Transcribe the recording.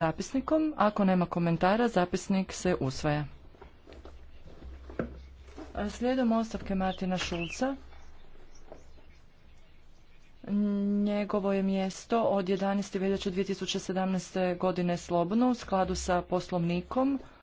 zapisnikom. Ako nema komentara, zapisnik se usvaja. Slijedom ostavke Martina Šulca, njegovo je mjesto od 11. veljače 2017. godine slobodno u skladu sa poslovnikom.